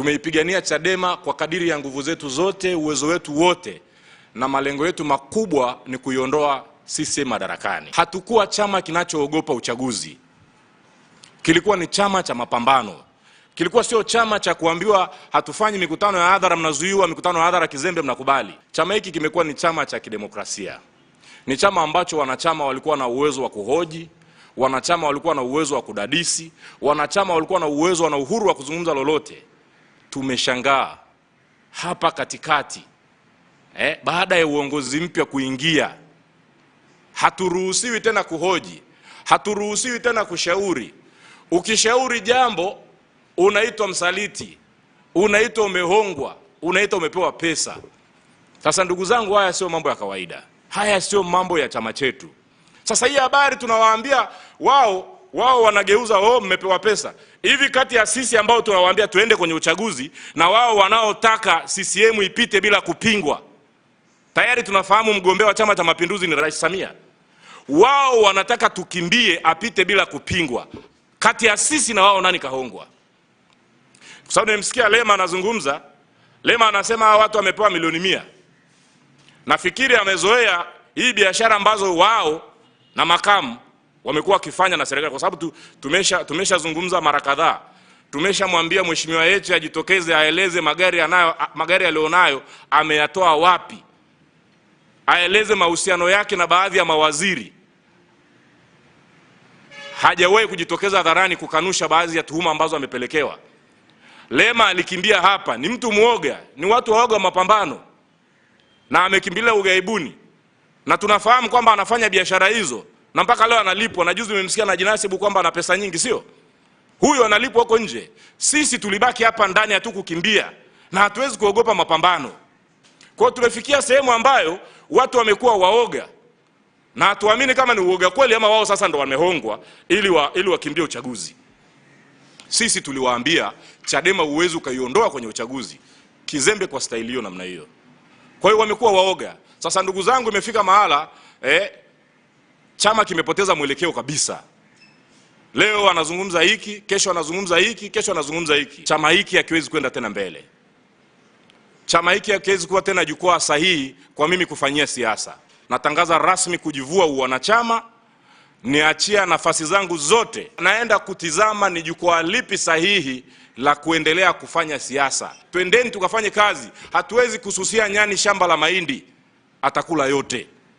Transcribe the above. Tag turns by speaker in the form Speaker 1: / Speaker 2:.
Speaker 1: Tumeipigania Chadema kwa kadiri ya nguvu zetu zote, uwezo wetu wote, na malengo yetu makubwa ni kuiondoa sisi madarakani. Hatukuwa chama kinachoogopa uchaguzi, kilikuwa ni chama cha mapambano. Kilikuwa sio chama cha kuambiwa hatufanyi mikutano ya hadhara, mnazuiwa; mikutano ya hadhara kizembe, mnakubali. Chama hiki kimekuwa ni chama cha kidemokrasia, ni chama ambacho wanachama walikuwa na uwezo wa kuhoji wanachama walikuwa na uwezo wa kudadisi, wanachama walikuwa na uwezo na uhuru wa kuzungumza lolote tumeshangaa hapa katikati eh, baada ya uongozi mpya kuingia, haturuhusiwi tena kuhoji, haturuhusiwi tena kushauri. Ukishauri jambo unaitwa msaliti, unaitwa umehongwa, unaitwa umepewa pesa. Sasa ndugu zangu, haya sio mambo ya kawaida, haya sio mambo ya chama chetu. Sasa hii habari tunawaambia wao wao wanageuza oh, mmepewa pesa hivi. Kati ya sisi ambao tunawaambia tuende kwenye uchaguzi na wao wanaotaka CCM ipite bila kupingwa, tayari tunafahamu mgombea wa Chama cha Mapinduzi ni Rais Samia. Wao wanataka tukimbie apite bila kupingwa. Kati ya sisi na wao nani kahongwa? Kwa sababu nimemsikia Lema anazungumza, Lema anasema hawa watu wamepewa milioni mia. Nafikiri amezoea hii biashara ambazo wao na makamu wamekuwa wakifanya na serikali, kwa sababu tumesha tumeshazungumza mara kadhaa, tumeshamwambia mheshimiwa yetu ajitokeze aeleze magari anayo, magari alionayo ameyatoa wapi, aeleze mahusiano yake na baadhi ya mawaziri. Hajawahi kujitokeza hadharani kukanusha baadhi ya tuhuma ambazo amepelekewa. Lema alikimbia hapa, ni mtu mwoga, ni watu waoga wa mapambano, na amekimbilia ugaibuni, na tunafahamu kwamba anafanya biashara hizo na mpaka leo analipwa, na juzi nimemsikia na jinasibu kwamba ana pesa nyingi, sio huyo analipwa huko nje. Sisi tulibaki hapa ndani, hatu kukimbia na hatuwezi kuogopa mapambano. Kwa tumefikia sehemu ambayo watu wamekuwa waoga na hatuamini kama ni uoga kweli ama wao sasa ndo wamehongwa ili, wa, ili wakimbie uchaguzi. Sisi tuliwaambia Chadema uwezi ukaiondoa kwenye uchaguzi kizembe kwa staili hiyo namna hiyo. Kwa hiyo wamekuwa waoga. Sasa ndugu zangu, imefika mahala eh, chama kimepoteza mwelekeo kabisa. Leo anazungumza hiki, kesho anazungumza hiki, kesho anazungumza hiki. Chama hiki hakiwezi kwenda tena mbele. Chama hiki hakiwezi kuwa tena jukwaa sahihi kwa mimi kufanyia siasa. Natangaza rasmi kujivua uwanachama, niachia nafasi zangu zote, naenda kutizama ni jukwaa lipi sahihi la kuendelea kufanya siasa. Twendeni tukafanye kazi, hatuwezi kususia nyani shamba la mahindi, atakula yote.